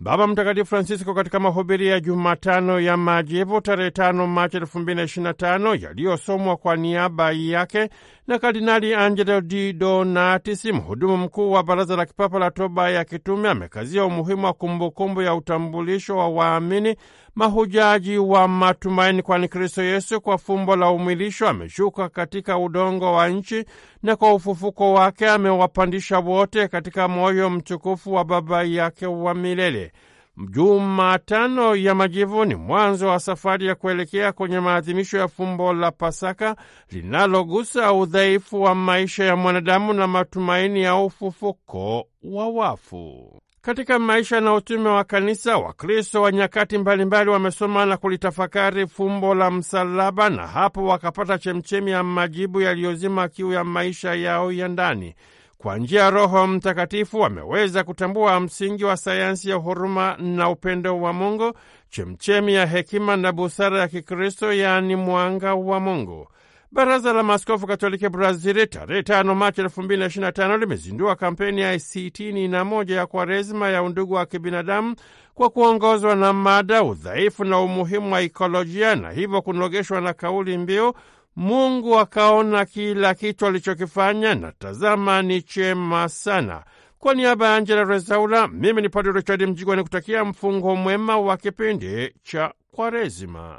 Baba Mtakatifu Francisco katika mahubiri ya Jumatano ya Majivu tarehe 5 Machi 2025 yaliyosomwa kwa niaba yake na Kardinali Angelo Di Donatisi, mhudumu mkuu wa Baraza la Kipapa la Toba ya Kitume, amekazia umuhimu wa kumbukumbu ya utambulisho wa waamini mahujaji wa matumaini, kwani Kristo Yesu kwa fumbo la umwilisho ameshuka katika udongo wa nchi na kwa ufufuko wake amewapandisha wote katika moyo mtukufu wa Baba yake wa milele. Jumatano ya Majivu ni mwanzo wa safari ya kuelekea kwenye maadhimisho ya fumbo la Pasaka linalogusa udhaifu wa maisha ya mwanadamu na matumaini ya ufufuko wa wafu. Katika maisha na utume wa kanisa, Wakristo wa nyakati mbalimbali wamesoma na kulitafakari fumbo la msalaba, na hapo wakapata chemchemi ya majibu yaliyozima kiu ya maisha yao ya ndani kwa njia ya Roho Mtakatifu ameweza kutambua msingi wa sayansi ya huruma na upendo wa Mungu, chemchemi ya hekima na busara ya Kikristo, yaani mwanga wa Mungu. Baraza la Maaskofu Katoliki Brazili tarehe 5 Machi 225 limezindua kampeni ya sitini na moja ya kwarezima ya undugu wa kibinadamu kwa kuongozwa na mada udhaifu na umuhimu wa ikolojia, na hivyo kunogeshwa na kauli mbiu Mungu akaona kila kitu alichokifanya na tazama ni chema sana. Kwa niaba ya Angela Rezaula, mimi ni Padre Richard Mjigwa nikutakia mfungo mwema wa kipindi cha Kwaresima.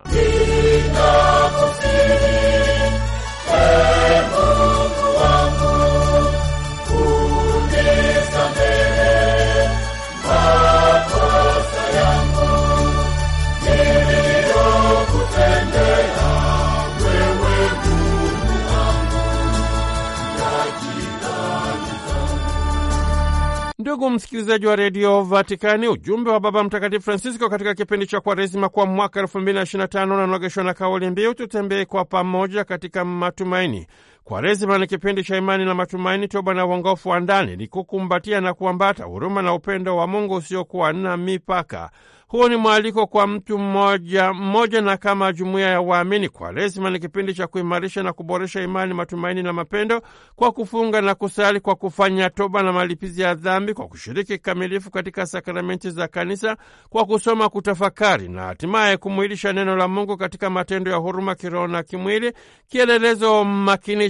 Ndugu msikilizaji wa redio Vatikani, ujumbe wa Baba Mtakatifu Francisco katika kipindi cha Kwaresima kwa mwaka 225 na unanogeshwa na kauli mbiu tutembee kwa pamoja katika matumaini. Kwaresima ni kipindi cha imani na matumaini, toba na uongofu wa ndani, ni kukumbatia na kuambata huruma na upendo wa Mungu usiokuwa na mipaka. Huu ni mwaliko kwa mtu mmoja mmoja na kama jumuiya ya waamini. Kwaresima ni kipindi cha kuimarisha na kuboresha imani, matumaini na mapendo, kwa kufunga na kusali, kwa kufanya toba na malipizi ya dhambi, kwa kushiriki kikamilifu katika sakramenti za kanisa, kwa kusoma, kutafakari na hatimaye kumwilisha neno la Mungu katika matendo ya huruma kiroho na kimwili, kielelezo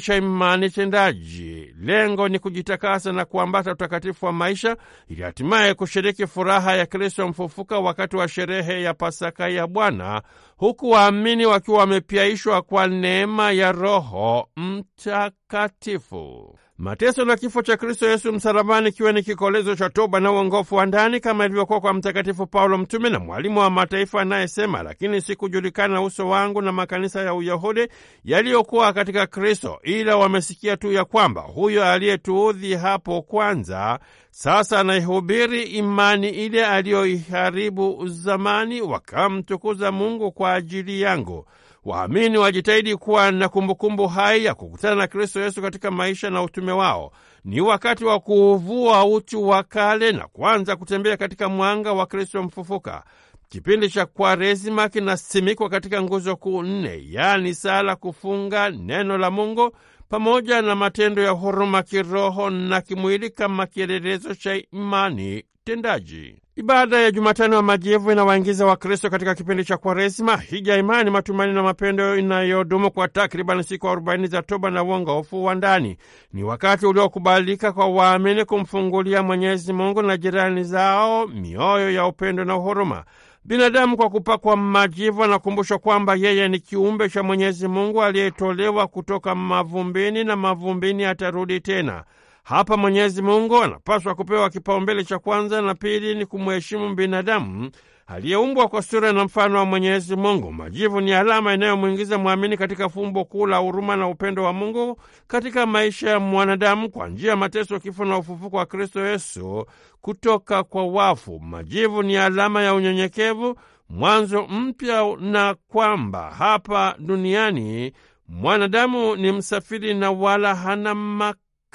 cha imani tendaji. Lengo ni kujitakasa na kuambata utakatifu wa maisha ili hatimaye kushiriki furaha ya Kristo mfufuka wakati wakati wa sherehe ya Pasaka ya Bwana, huku waamini wakiwa wamepiaishwa kwa neema ya Roho Mtakatifu. Mateso na kifo cha Kristo Yesu msalabani kiwe ni kikolezo cha toba na uongofu wa ndani kama ilivyokuwa kwa Mtakatifu Paulo mtume na mwalimu wa mataifa anayesema, lakini sikujulikana uso wangu na makanisa ya Uyahudi yaliyokuwa katika Kristo, ila wamesikia tu ya kwamba huyo aliyetuudhi hapo kwanza sasa anaihubiri imani ile aliyoiharibu zamani, wakamtukuza Mungu kwa ajili yangu. Waamini wajitahidi kuwa na kumbukumbu hai ya kukutana na Kristo Yesu katika maisha na utume wao. Ni wakati wa kuuvua utu wa kale na kuanza kutembea katika mwanga wa Kristo mfufuka. Kipindi cha Kwaresima kinasimikwa katika nguzo kuu nne, yaani sala, kufunga, neno la Mungu pamoja na matendo ya huruma kiroho na kimwili, kama kielelezo cha imani tendaji. Ibada ya Jumatano ya Majivu inawaingiza Wakristo katika kipindi cha Kwaresima, hija, imani, matumaini na mapendo inayodumu kwa takriban siku arobaini za toba na uongofu wa ndani. Ni wakati uliokubalika kwa waamini kumfungulia Mwenyezi Mungu na jirani zao mioyo ya upendo na huruma. Binadamu kwa kupakwa majivu anakumbushwa kwamba yeye ni kiumbe cha Mwenyezi Mungu aliyetolewa kutoka mavumbini na mavumbini atarudi tena. Hapa Mwenyezi Mungu anapaswa kupewa kipaumbele cha kwanza, na pili ni kumheshimu binadamu aliyeumbwa kwa sura na mfano wa Mwenyezi Mungu. Majivu ni alama inayomwingiza mwamini katika fumbo kuu la huruma na upendo wa Mungu katika maisha ya mwanadamu kwa njia ya mateso, kifo na ufufuko wa Kristo Yesu kutoka kwa wafu. Majivu ni alama ya unyenyekevu, mwanzo mpya, na kwamba hapa duniani mwanadamu ni msafiri na wala hana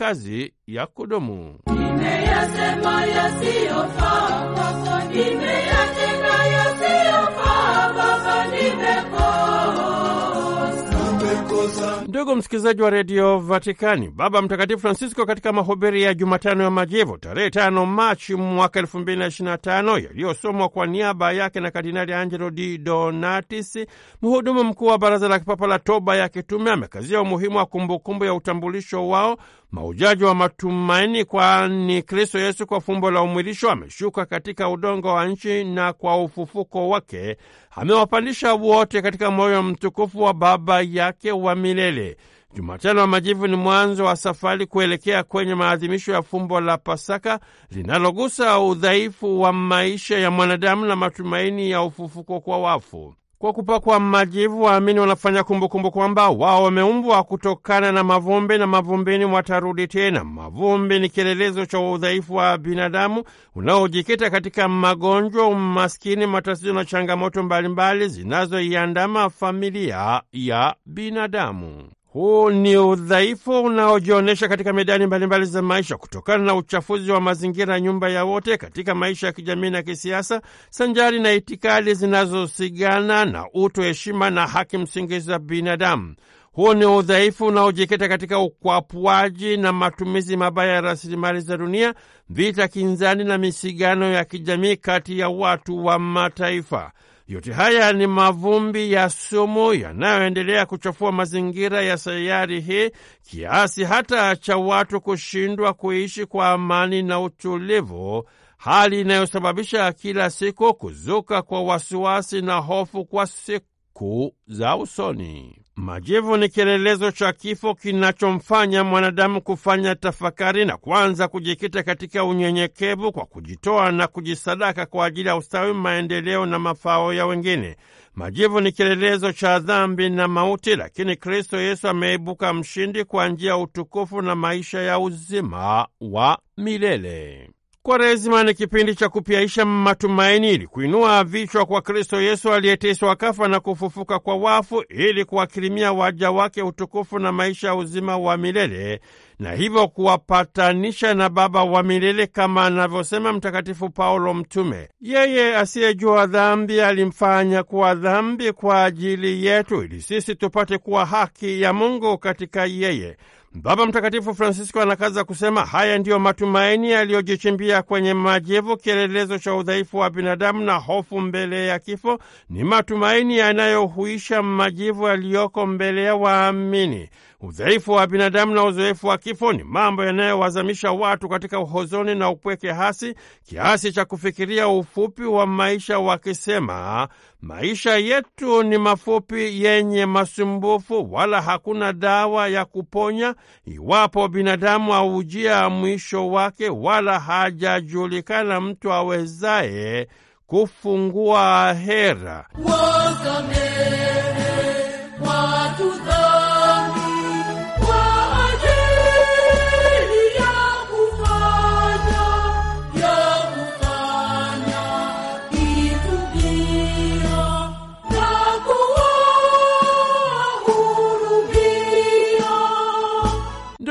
kazi ya kudumu. Nimeyasema yasiyofaa kwako, nimeyatenda yasiyofaa Baba, nimekosa Ndugu msikilizaji wa redio Vatikani, Baba Mtakatifu Francisco katika mahubiri ya Jumatano ya Majivu tarehe tano Machi mwaka elfu mbili na ishirini na tano yaliyosomwa kwa niaba yake na Kardinali Angelo Di Donatis, mhudumu mkuu wa Baraza la Kipapa la Toba ya Kitume, amekazia umuhimu wa kumbukumbu ya utambulisho wao maujaji wa matumaini, kwani Kristo Yesu kwa fumbo la umwilisho ameshuka katika udongo wa nchi na kwa ufufuko wake amewapandisha wote katika moyo mtukufu wa Baba yake wa milele milele. Jumatano ya Majivu ni mwanzo wa safari kuelekea kwenye maadhimisho ya fumbo la Pasaka linalogusa udhaifu wa maisha ya mwanadamu na matumaini ya ufufuko kwa wafu. Kwa kupakwa majivu, waamini wanafanya kumbukumbu kwamba wao wameumbwa kutokana na mavumbi na mavumbini watarudi tena. Mavumbi ni kielelezo cha udhaifu wa binadamu unaojikita katika magonjwa, umaskini, matatizo na changamoto mbalimbali zinazoiandama familia ya binadamu. Huu ni udhaifu unaojionyesha katika medani mbalimbali za maisha kutokana na uchafuzi wa mazingira, nyumba ya wote, katika maisha ya kijamii na kisiasa, sanjari na itikadi zinazosigana na utu, heshima na haki msingi za binadamu. Huu ni udhaifu unaojikita katika ukwapuaji na matumizi mabaya ya rasilimali za dunia, vita kinzani na misigano ya kijamii kati ya watu wa mataifa. Yote haya ni mavumbi ya sumu yanayoendelea kuchafua mazingira ya sayari hii kiasi hata cha watu kushindwa kuishi kwa amani na utulivu, hali inayosababisha kila siku kuzuka kwa wasiwasi na hofu kwa siku za usoni. Majivu ni kielelezo cha kifo kinachomfanya mwanadamu kufanya tafakari na kuanza kujikita katika unyenyekevu kwa kujitoa na kujisadaka kwa ajili ya ustawi, maendeleo na mafao ya wengine. Majivu ni kielelezo cha dhambi na mauti, lakini Kristo Yesu ameibuka mshindi kwa njia ya utukufu na maisha ya uzima wa milele. Kwaresima ni kipindi cha kupiaisha matumaini ili kuinua vichwa kwa Kristo Yesu aliyeteswa kafa na kufufuka kwa wafu ili kuwakirimia waja wake utukufu na maisha ya uzima wa milele na hivyo kuwapatanisha na Baba wa milele kama anavyosema Mtakatifu Paulo Mtume, yeye asiyejua dhambi alimfanya kuwa dhambi kwa ajili yetu ili sisi tupate kuwa haki ya Mungu katika yeye. Baba Mtakatifu Francisco anakaza kusema haya ndiyo matumaini yaliyojichimbia kwenye majivu, kielelezo cha udhaifu wa binadamu na hofu mbele ya kifo. Ni matumaini yanayohuisha majivu yaliyoko mbele ya waamini. Udhaifu wa binadamu na uzoefu wa kifo ni mambo yanayowazamisha watu katika uhozoni na upweke hasi kiasi cha kufikiria ufupi wa maisha, wakisema maisha yetu ni mafupi yenye masumbufu, wala hakuna dawa ya kuponya iwapo binadamu aujia mwisho wake, wala hajajulikana mtu awezaye kufungua hera Wazame.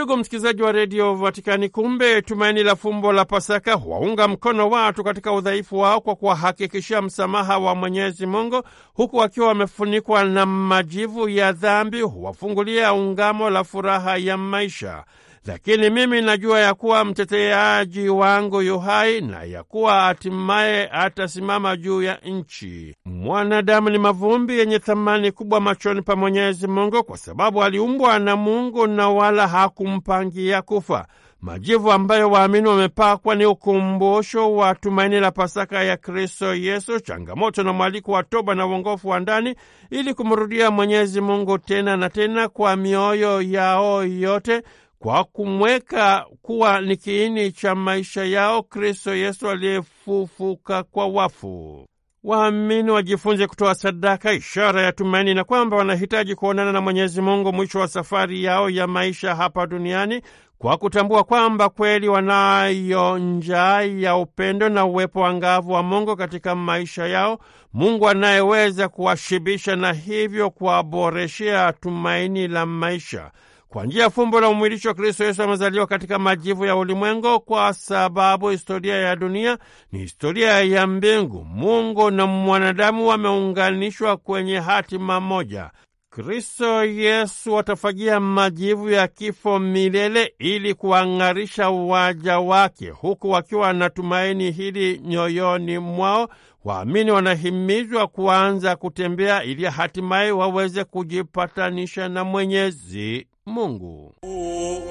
Ndugu msikilizaji wa redio Vatikani, kumbe tumaini la fumbo la Pasaka huwaunga mkono watu katika udhaifu wao kwa kuwahakikishia msamaha wa Mwenyezi Mungu, huku wakiwa wamefunikwa na majivu ya dhambi, huwafungulia ungamo la furaha ya maisha lakini mimi najua ya kuwa mteteaji wangu yu hai na ya kuwa hatimaye atasimama juu ya nchi. Mwanadamu ni mavumbi yenye thamani kubwa machoni pa Mwenyezi Mungu, kwa sababu aliumbwa na Mungu na wala hakumpangia kufa. Majivu ambayo waamini wamepakwa ni ukumbusho wa tumaini la Pasaka ya Kristo Yesu, changamoto na mwaliko wa toba na uongofu wa ndani, ili kumrudia Mwenyezi Mungu tena na tena kwa mioyo yao yote kwa kumweka kuwa ni kiini cha maisha yao Kristo Yesu aliyefufuka kwa wafu. Waamini wajifunze kutoa sadaka, ishara ya tumaini na kwamba wanahitaji kuonana na Mwenyezi Mungu mwisho wa safari yao ya maisha hapa duniani, kwa kutambua kwamba kweli wanayo njaa ya upendo na uwepo angavu wa Mungu katika maisha yao, Mungu anayeweza kuwashibisha na hivyo kuwaboreshea tumaini la maisha. Kwa njia ya fumbo la umwilisho wa Kristo Yesu amezaliwa katika majivu ya ulimwengu, kwa sababu historia ya dunia ni historia ya mbingu. Mungu na mwanadamu wameunganishwa kwenye hatima moja. Kristo Yesu watafagia majivu ya kifo milele ili kuwang'arisha waja wake, huku wakiwa na tumaini hili nyoyoni mwao waamini wanahimizwa kuanza kutembea ili hatimaye waweze kujipatanisha na Mwenyezi Mungu. Uundi,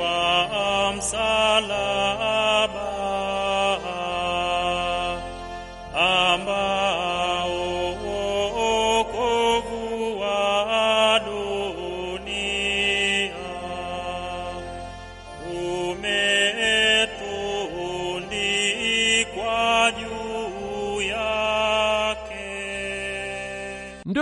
wa,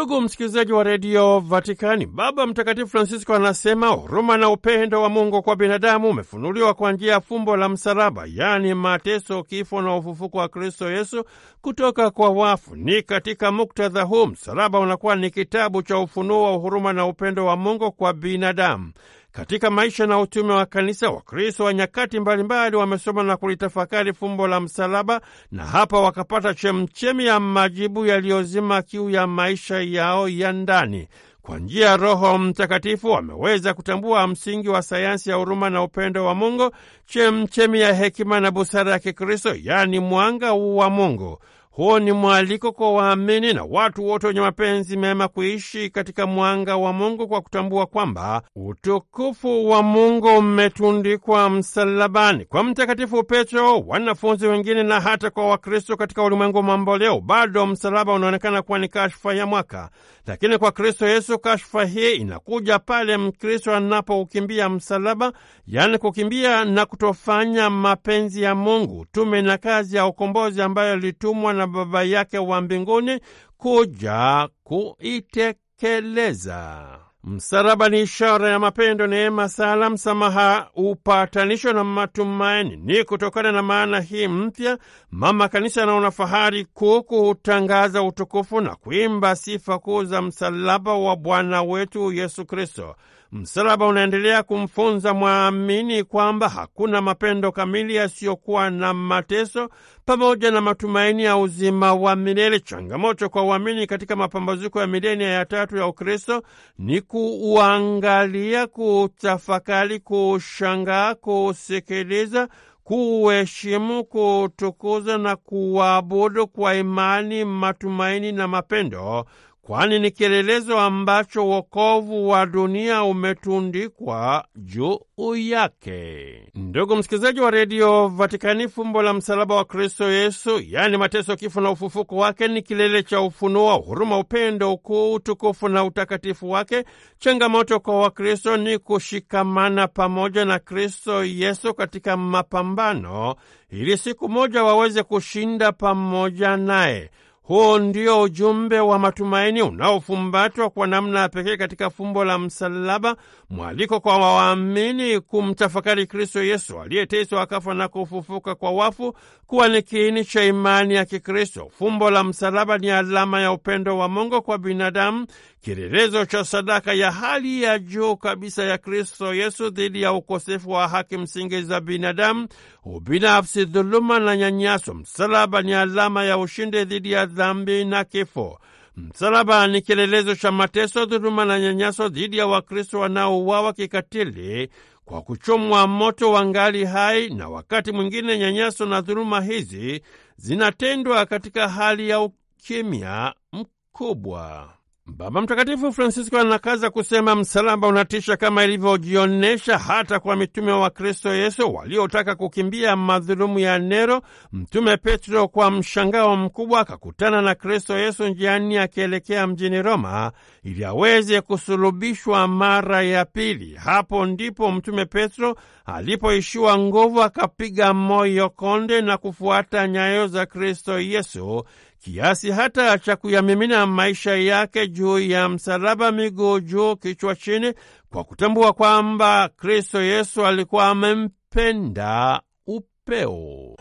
Ndugu msikilizaji wa redio Vatikani, Baba Mtakatifu Francisco anasema huruma na upendo wa Mungu kwa binadamu umefunuliwa kwa njia ya fumbo la msalaba, yaani mateso, kifo na ufufuko wa Kristo Yesu kutoka kwa wafu. Ni katika muktadha huu msalaba unakuwa ni kitabu cha ufunuo wa huruma na upendo wa Mungu kwa binadamu. Katika maisha na utume wa kanisa, Wakristo wa nyakati mbalimbali wamesoma na kulitafakari fumbo la msalaba, na hapa wakapata chemchemi ya majibu yaliyozima kiu ya maisha yao ya ndani. Kwa njia ya Roho Mtakatifu wameweza kutambua msingi wa sayansi ya huruma na upendo wa Mungu, chemchemi ya hekima na busara ya Kikristo, yaani mwanga wa Mungu. Huo ni mwaliko kwa waamini na watu wote wenye mapenzi mema kuishi katika mwanga wa Mungu kwa kutambua kwamba utukufu wa Mungu umetundikwa msalabani. Kwa Mtakatifu Petro, wanafunzi wengine na hata kwa Wakristo katika ulimwengu mamboleo, bado msalaba unaonekana kuwa ni kashfa ya mwaka, lakini kwa Kristo Yesu kashfa hii inakuja pale Mkristo anapoukimbia msalaba, yaani kukimbia na kutofanya mapenzi ya Mungu, tume na kazi ya ukombozi ambayo ilitumwa na na Baba yake wa mbinguni kuja kuitekeleza. Msalaba ni ishara ya mapendo, neema, sala, msamaha, upatanisho na matumaini. Ni kutokana na maana hii mpya, Mama Kanisa anaona fahari kuu kuutangaza utukufu na kuimba sifa kuu za msalaba wa Bwana wetu Yesu Kristo. Msalaba unaendelea kumfunza mwamini kwamba hakuna mapendo kamili yasiyokuwa na mateso, pamoja na matumaini ya uzima wa milele. Changamoto kwa uamini katika mapambazuko ya milenia ya tatu ya Ukristo ni kuuangalia, kutafakari, kuushangaa, kuusikiliza kuheshimu, kutukuza na kuabudu kwa imani, matumaini na mapendo kwani ni kielelezo ambacho wokovu wa dunia umetundikwa juu yake. Ndugu msikilizaji wa redio Vatikani, fumbo la msalaba wa Kristo Yesu, yaani mateso, kifo na ufufuko wake, ni kilele cha ufunuo, huruma, upendo, ukuu, utukufu na utakatifu wake. Changamoto kwa Wakristo ni kushikamana pamoja na Kristo Yesu katika mapambano, ili siku moja waweze kushinda pamoja naye. Huu ndio ujumbe wa matumaini unaofumbatwa kwa namna ya pekee katika fumbo la msalaba, mwaliko kwa waamini kumtafakari Kristo Yesu aliyeteswa akafa na kufufuka kwa wafu kuwa ni kiini cha imani ya Kikristo. Fumbo la msalaba ni alama ya upendo wa Mungu kwa binadamu kielelezo cha sadaka ya hali ya juu kabisa ya Kristo Yesu dhidi ya ukosefu wa haki msingi za binadamu, ubinafsi, dhuluma na nyanyaso. Msalaba ni alama ya ushindi dhidi ya dhambi na kifo. Msalaba ni kielelezo cha mateso, dhuluma na nyanyaso dhidi ya Wakristo wanaouawa kikatili kwa kuchomwa moto wangali hai, na wakati mwingine nyanyaso na dhuluma hizi zinatendwa katika hali ya ukimya mkubwa. Baba Mtakatifu Francisco anakaza kusema msalaba unatisha kama ilivyojionyesha hata kwa mitume wa Kristo Yesu waliotaka kukimbia madhulumu ya Nero. Mtume Petro kwa mshangao mkubwa akakutana na Kristo Yesu njiani akielekea mjini Roma ili aweze kusulubishwa mara ya pili. Hapo ndipo Mtume Petro alipoishiwa nguvu, akapiga moyo konde na kufuata nyayo za Kristo Yesu kiasi hata cha kuyamimina maisha yake juu ya msalaba, miguu juu, kichwa chini, kwa kutambua kwamba Kristo Yesu alikuwa amempenda upeo.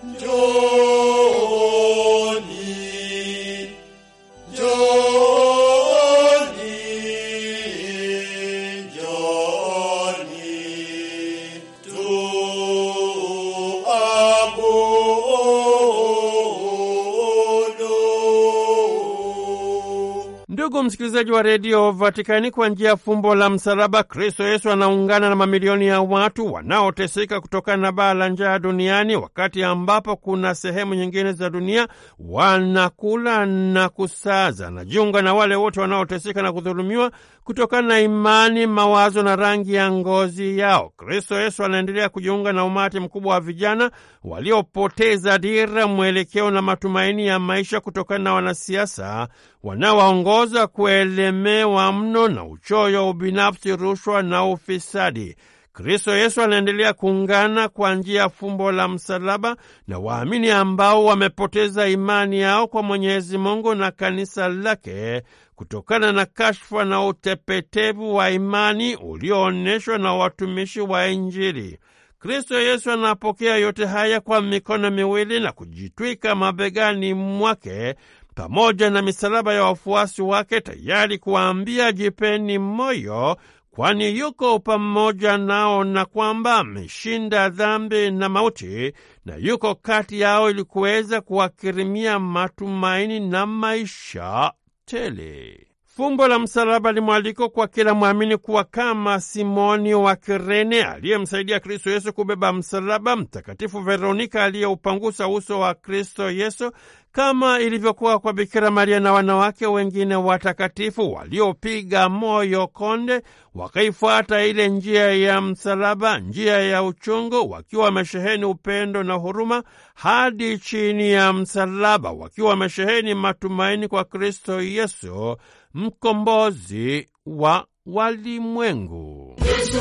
Ndugu msikilizaji wa redio Vatikani, kwa njia ya fumbo la msalaba, Kristo Yesu anaungana na mamilioni ya watu wanaoteseka kutokana na baa la njaa duniani, wakati ambapo kuna sehemu nyingine za dunia wanakula na kusaza. Anajiunga na wale wote wanaoteseka na kudhulumiwa kutokana na imani, mawazo na rangi ya ngozi yao. Kristo Yesu anaendelea kujiunga na umati mkubwa wa vijana waliopoteza dira, mwelekeo na matumaini ya maisha kutokana na wanasiasa wanaowaongoza kuweza kuelemewa mno na uchoyo, ubinafsi, rushwa na ufisadi. Kristo Yesu anaendelea kuungana kwa njia ya fumbo la msalaba na waamini ambao wamepoteza imani yao kwa Mwenyezi Mungu na kanisa lake kutokana na kashfa na utepetevu wa imani ulioonyeshwa na watumishi wa Injili. Kristo Yesu anapokea yote haya kwa mikono miwili na kujitwika mabegani mwake pamoja na misalaba ya wafuasi wake, tayari kuwaambia jipeni moyo, kwani yuko pamoja nao na kwamba ameshinda dhambi na mauti, na yuko kati yao ili kuweza kuwakirimia matumaini na maisha tele. Fumbo la msalaba ni mwaliko kwa kila mwamini kuwa kama Simoni wa Kirene aliyemsaidia Kristo Yesu kubeba msalaba, Mtakatifu Veronika aliyeupangusa uso wa Kristo Yesu, kama ilivyokuwa kwa Bikira Maria na wanawake wengine watakatifu waliopiga moyo konde, wakaifuata ile njia ya msalaba, njia ya uchungu, wakiwa wamesheheni upendo na huruma hadi chini ya msalaba, wakiwa wamesheheni matumaini kwa Kristo Yesu mkombozi wa walimwengu Yesu,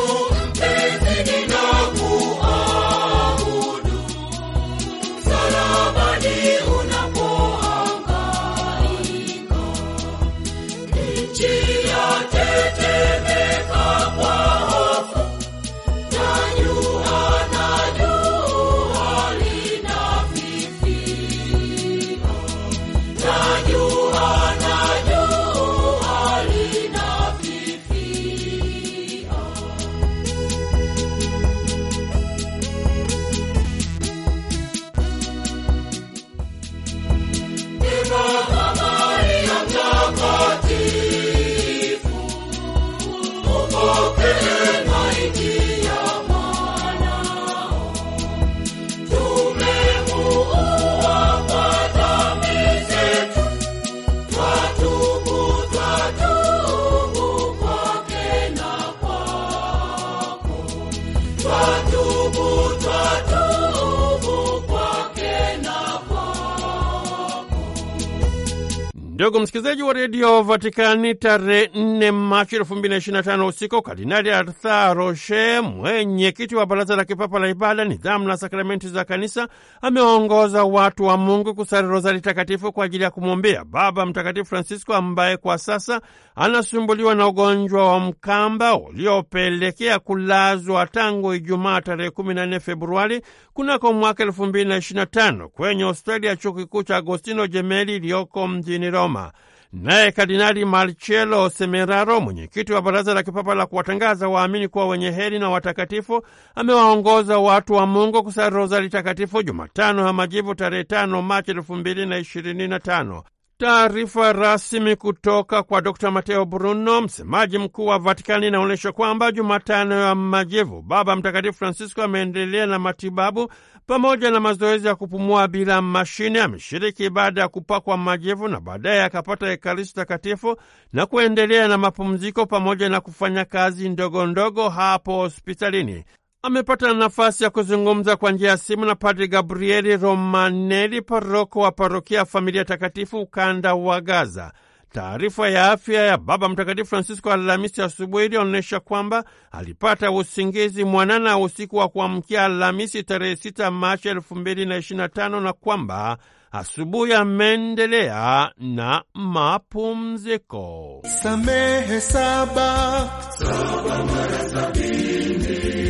Ndugu msikilizaji wa redio Vatikani, tarehe 4 Machi 2025 usiku, Kardinali Artha Roche, mwenyekiti wa Baraza la Kipapa la Ibada, Nidhamu na Sakramenti za Kanisa, ameongoza watu wa Mungu kusali rozari takatifu kwa ajili ya kumwombea Baba Mtakatifu Francisco ambaye kwa sasa anasumbuliwa na ugonjwa wa mkamba uliopelekea kulazwa tangu Ijumaa tarehe 14 Februari kunako mwaka 2025 kwenye hospitali ya chuo kikuu cha Agostino Jemeli iliyoko mjini Roma. Roma. Naye Kardinali Marcello Semeraro, mwenyekiti wa Baraza la Kipapa la kuwatangaza waamini kuwa wenye heri na watakatifu, amewaongoza watu wa Mungu kusali rozari takatifu Jumatano ya Majivu, tarehe tano Machi elfu mbili na ishirini na tano. Taarifa rasmi kutoka kwa Dr Mateo Bruno, msemaji mkuu wa Vatikani, inaonyesha kwamba Jumatano ya Majivu Baba Mtakatifu Francisco ameendelea na matibabu pamoja na mazoezi ya kupumua bila mashine. Ameshiriki baada ya kupakwa majivu na baadaye akapata Ekaristi Takatifu na kuendelea na mapumziko pamoja na kufanya kazi ndogo ndogo hapo hospitalini. Amepata nafasi ya kuzungumza kwa njia ya simu na Padri Gabrieli romaneli paroko wa parokia Familia Takatifu ukanda wa Gaza. Taarifa ya afya ya Baba Mtakatifu Francisco Alhamisi asubuhi ilionyesha kwamba alipata usingizi mwanana usiku wa kuamkia Alhamisi tarehe 6 Machi 2025 na kwamba asubuhi ameendelea na mapumziko. Samehe saba saba mara sabini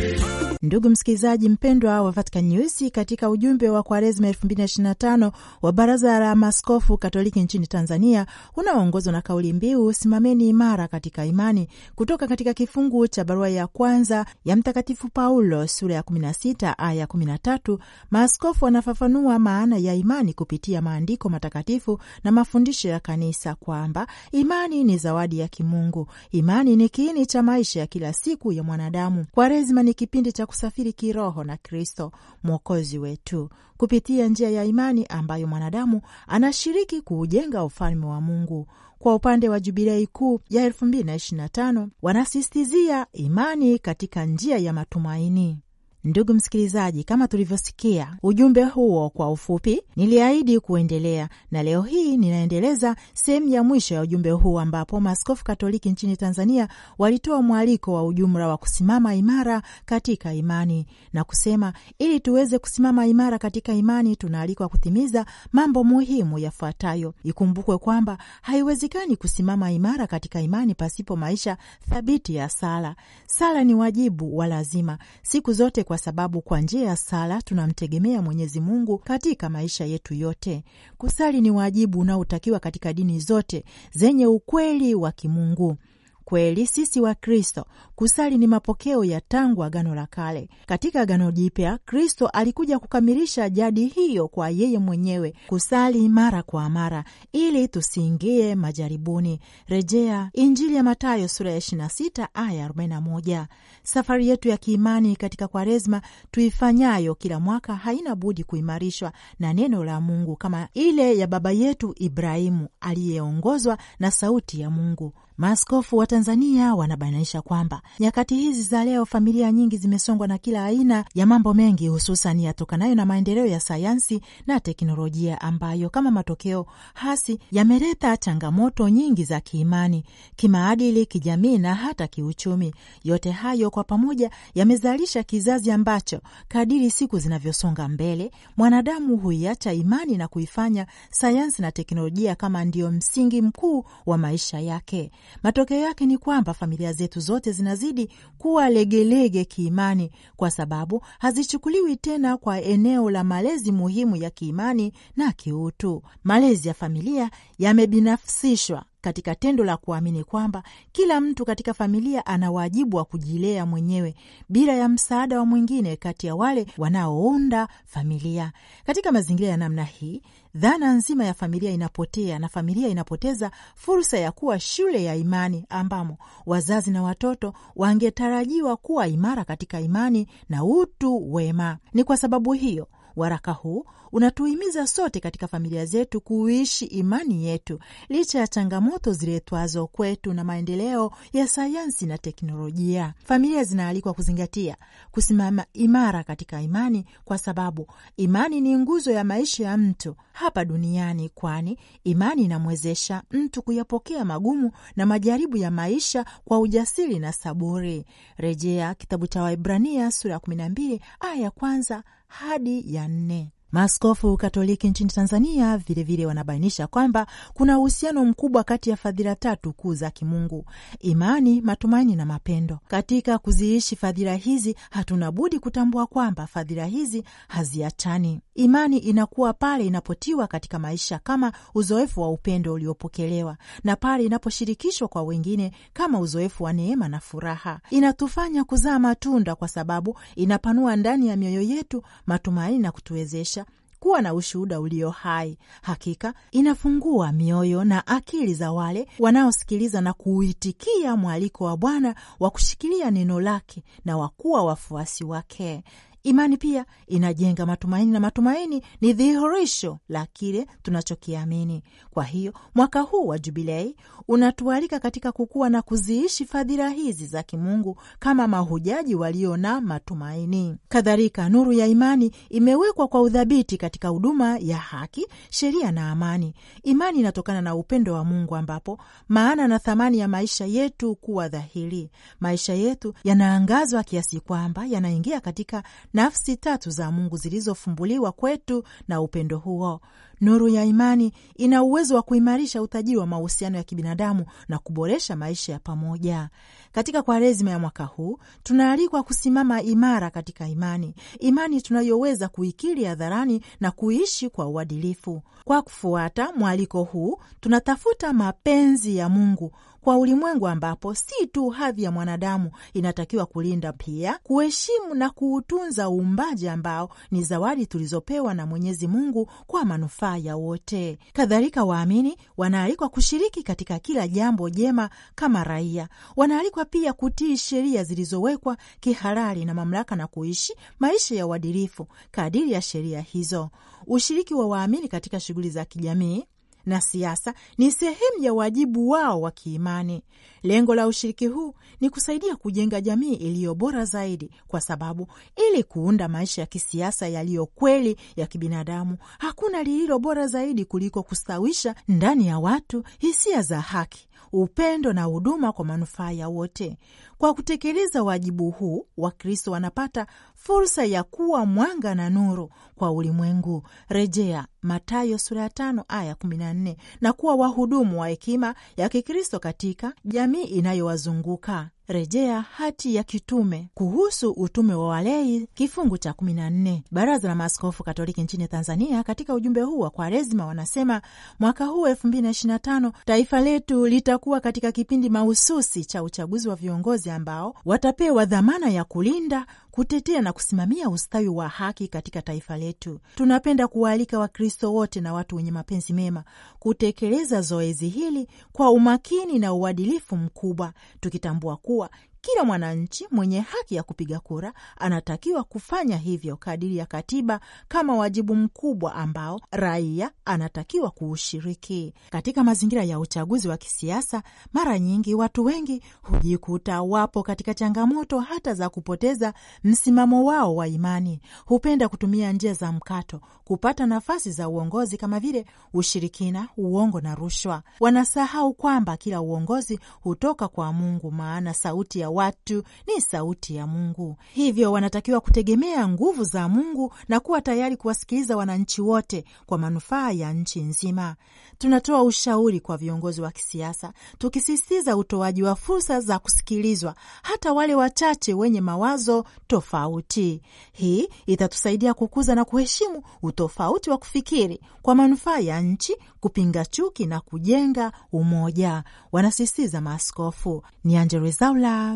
Ndugu msikilizaji mpendwa wa Vatican News, katika ujumbe wa Kwaresma 2025 wa Baraza la maskofu Katoliki nchini Tanzania unaoongozwa na kauli mbiu simameni imara katika imani, kutoka katika kifungu cha barua ya kwanza ya Mtakatifu Paulo sura ya 16 aya 13, maaskofu wanafafanua maana ya imani kupitia maandiko matakatifu na mafundisho ya Kanisa, kwamba imani ni zawadi ya kimungu. Imani ni kiini cha maisha ya kila siku ya mwanadamu. Kwaresma ni kipindi cha kusafiri kiroho na Kristo mwokozi wetu kupitia njia ya imani ambayo mwanadamu anashiriki kuujenga ufalme wa Mungu. Kwa upande wa Jubilei Kuu ya 2025 wanasistizia imani katika njia ya matumaini. Ndugu msikilizaji, kama tulivyosikia ujumbe huo kwa ufupi, niliahidi kuendelea na leo hii ninaendeleza sehemu ya mwisho ya ujumbe huo ambapo maaskofu Katoliki nchini Tanzania walitoa mwaliko wa ujumla wa kusimama imara katika imani na kusema, ili tuweze kusimama imara katika imani, tunaalikwa kutimiza mambo muhimu yafuatayo. Ikumbukwe kwamba haiwezekani kusimama imara katika imani pasipo maisha thabiti ya sala. Sala ni wajibu wa lazima siku zote kwa kwa sababu kwa njia ya sala tunamtegemea Mwenyezi Mungu katika maisha yetu yote. Kusali ni wajibu unaotakiwa katika dini zote zenye ukweli wa kimungu. Kweli sisi wa Kristo kusali ni mapokeo ya tangu Agano la Kale. Katika Agano Jipya, Kristo alikuja kukamilisha jadi hiyo kwa yeye mwenyewe kusali mara kwa mara ili tusiingie majaribuni. Rejea Injili ya Matayo sura ya 26 aya 41. Safari yetu ya kiimani katika Kwaresma tuifanyayo kila mwaka haina budi kuimarishwa na neno la Mungu kama ile ya baba yetu Ibrahimu aliyeongozwa na sauti ya Mungu. Maaskofu wa Tanzania wanabainisha kwamba nyakati hizi za leo familia nyingi zimesongwa na kila aina ya mambo mengi, hususan yatokanayo na maendeleo ya sayansi na teknolojia, ambayo kama matokeo hasi yameleta changamoto nyingi za kiimani, kimaadili, kijamii na hata kiuchumi. Yote hayo kwa pamoja yamezalisha kizazi ambacho kadiri siku zinavyosonga mbele, mwanadamu huiacha imani na kuifanya sayansi na teknolojia kama ndiyo msingi mkuu wa maisha yake. Matokeo yake ni kwamba familia zetu zote zinazidi kuwa legelege kiimani, kwa sababu hazichukuliwi tena kwa eneo la malezi muhimu ya kiimani na kiutu. Malezi ya familia yamebinafsishwa katika tendo la kuamini kwamba kila mtu katika familia ana wajibu wa kujilea mwenyewe bila ya msaada wa mwingine kati ya wale wanaounda familia. Katika mazingira ya namna hii, dhana nzima ya familia inapotea na familia inapoteza fursa ya kuwa shule ya imani ambamo wazazi na watoto wangetarajiwa kuwa imara katika imani na utu wema. Ni kwa sababu hiyo Waraka huu unatuhimiza sote katika familia zetu kuishi imani yetu licha ya changamoto ziletwazo kwetu na maendeleo ya sayansi na teknolojia. Familia zinaalikwa kuzingatia kusimama imara katika imani, kwa sababu imani ni nguzo ya maisha ya mtu hapa duniani, kwani imani inamwezesha mtu kuyapokea magumu na majaribu ya maisha kwa ujasiri na saburi. Rejea kitabu cha Waibrania sura ya 12 aya ya kwanza hadi ya nne. Maaskofu Katoliki nchini Tanzania vilevile vile wanabainisha kwamba kuna uhusiano mkubwa kati ya fadhila tatu kuu za kimungu: imani, matumaini na mapendo. Katika kuziishi fadhila hizi, hatuna budi kutambua kwamba fadhila hizi haziachani. Imani inakuwa pale inapotiwa katika maisha kama uzoefu wa upendo uliopokelewa na pale inaposhirikishwa kwa wengine kama uzoefu wa neema na furaha. Inatufanya kuzaa matunda, kwa sababu inapanua ndani ya mioyo yetu matumaini na kutuwezesha kuwa na ushuhuda ulio hai, hakika inafungua mioyo na akili za wale wanaosikiliza na kuuitikia mwaliko wa Bwana wa kushikilia neno lake na wakuwa wafuasi wake. Imani pia inajenga matumaini na matumaini ni dhihirisho la kile tunachokiamini. Kwa hiyo mwaka huu wa Jubilei unatualika katika kukua na kuziishi fadhila hizi za kimungu kama mahujaji walio na matumaini. Kadhalika, nuru ya imani imewekwa kwa udhabiti katika huduma ya haki, sheria na amani. Imani inatokana na upendo wa Mungu, ambapo maana na thamani ya maisha yetu kuwa dhahiri. Maisha yetu yanaangazwa kiasi kwamba yanaingia katika nafsi tatu za Mungu zilizofumbuliwa kwetu na upendo huo. Nuru ya imani ina uwezo wa kuimarisha utajiri wa mahusiano ya kibinadamu na kuboresha maisha ya pamoja. Katika Kwaresima ya mwaka huu tunaalikwa kusimama imara katika imani, imani tunayoweza kuikiri hadharani na kuishi kwa uadilifu. Kwa kufuata mwaliko huu, tunatafuta mapenzi ya Mungu kwa ulimwengu ambapo si tu hadhi ya mwanadamu inatakiwa kulinda, pia kuheshimu na kuutunza uumbaji ambao ni zawadi tulizopewa na Mwenyezi Mungu kwa manufaa ya wote. Kadhalika, waamini wanaalikwa kushiriki katika kila jambo jema kama raia. Wanaalikwa pia kutii sheria zilizowekwa kihalali na mamlaka na kuishi maisha ya uadilifu kadiri ya sheria hizo. Ushiriki wa waamini katika shughuli za kijamii na siasa ni sehemu ya wajibu wao wa kiimani. Lengo la ushiriki huu ni kusaidia kujenga jamii iliyo bora zaidi, kwa sababu ili kuunda maisha ya kisiasa yaliyo kweli ya kibinadamu, hakuna lililo bora zaidi kuliko kustawisha ndani ya watu hisia za haki upendo na huduma kwa manufaa ya wote. Kwa kutekeleza wajibu huu, Wakristo wanapata fursa ya kuwa mwanga na nuru kwa ulimwengu, rejea Mathayo sura ya tano aya kumi na nne, na kuwa wahudumu wa hekima ya Kikristo katika jamii inayowazunguka. Rejea hati ya kitume kuhusu utume wa walei kifungu cha 14. Baraza la Maaskofu Katoliki nchini Tanzania katika ujumbe huu wa Kwaresima wanasema mwaka huu 2025 taifa letu litakuwa katika kipindi mahususi cha uchaguzi wa viongozi ambao watapewa dhamana ya kulinda kutetea na kusimamia ustawi wa haki katika taifa letu. Tunapenda kuwaalika Wakristo wote na watu wenye mapenzi mema kutekeleza zoezi hili kwa umakini na uadilifu mkubwa, tukitambua kuwa kila mwananchi mwenye haki ya kupiga kura anatakiwa kufanya hivyo kadiri ya katiba kama wajibu mkubwa ambao raia anatakiwa kuushiriki. Katika mazingira ya uchaguzi wa kisiasa, mara nyingi watu wengi hujikuta wapo katika changamoto hata za kupoteza msimamo wao wa imani. Hupenda kutumia njia za mkato kupata nafasi za uongozi kama vile ushirikina, uongo na rushwa. Wanasahau kwamba kila uongozi hutoka kwa Mungu, maana sauti ya watu ni sauti ya Mungu, hivyo wanatakiwa kutegemea nguvu za Mungu na kuwa tayari kuwasikiliza wananchi wote kwa manufaa ya nchi nzima. Tunatoa ushauri kwa viongozi wa kisiasa, tukisisitiza utoaji wa fursa za kusikilizwa hata wale wachache wenye mawazo tofauti. Hii itatusaidia kukuza na kuheshimu utofauti wa kufikiri kwa manufaa ya nchi, kupinga chuki na kujenga umoja, wanasisitiza maaskofu. Ni Angella Rwezaula,